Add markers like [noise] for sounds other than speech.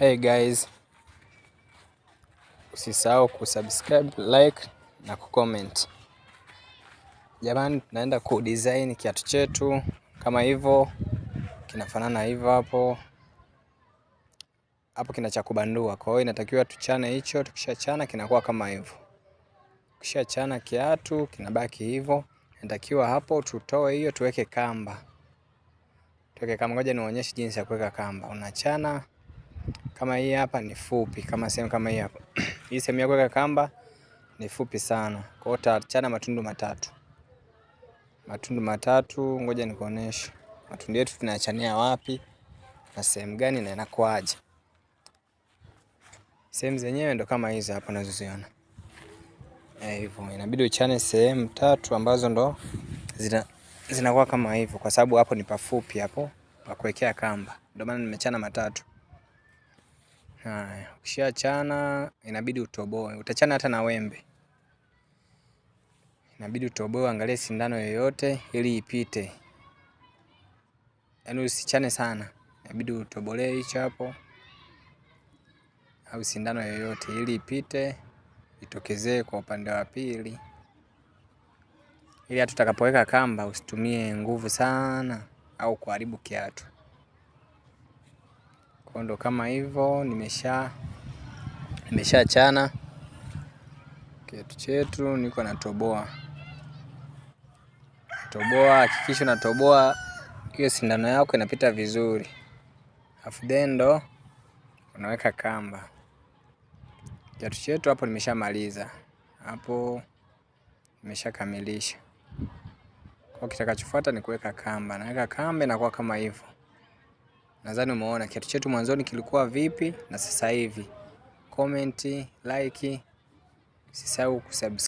Hey guys, usisahau kusubscribe, like na kucomment. Jamani, tunaenda ku design kiatu chetu kama hivyo, kinafanana hivyo hapo hapo, kina cha kubandua. Kwa hiyo inatakiwa tuchane hicho, tukishachana kinakuwa kama hivyo. Tukishachana kiatu kinabaki hivyo, inatakiwa hapo tutoe hiyo, tuweke kamba, tuweke kamba. Ngoja niwaonyeshe jinsi ya kuweka kamba. Unachana kama hii hapa ni fupi, kama sehemu kama hii hapa [clears throat] hii sehemu ya kuweka kamba ni fupi sana. Kwa hiyo utachana matundu matatu, matundu matatu. Ngoja nikuoneshe matundu yetu tunayachania wapi na sehemu gani na inakwaje. Sehemu zenyewe ndo kama hizi hapa unazoziona eh, hivyo, inabidi uchane sehemu tatu ambazo ndo zina zinakuwa kama hivyo, kwa sababu hapo ni pafupi hapo pa kuwekea kamba, ndio maana nimechana matatu. Haya, ukishachana inabidi utoboe, utachana hata na wembe, inabidi utoboe, angalie sindano yoyote ili ipite, yaani usichane sana, inabidi utobolee hicho hapo au sindano yoyote ili ipite itokezee kwa upande wa pili, ili hata utakapoweka kamba usitumie nguvu sana au kuharibu kiatu. Kwa ndo kama hivyo nimesha nimeshachana kiatu chetu, niko natoboa toboa. Hakikisha unatoboa hiyo sindano yako inapita vizuri, afu then ndo unaweka kamba kiatu chetu. Hapo nimeshamaliza, hapo nimeshakamilisha. Kwa kitakachofuata ni kuweka kamba, naweka kamba inakuwa kama hivyo. Nadhani umeona kiatu chetu mwanzoni kilikuwa vipi na sasa hivi. Comment, like, usisahau kusubscribe.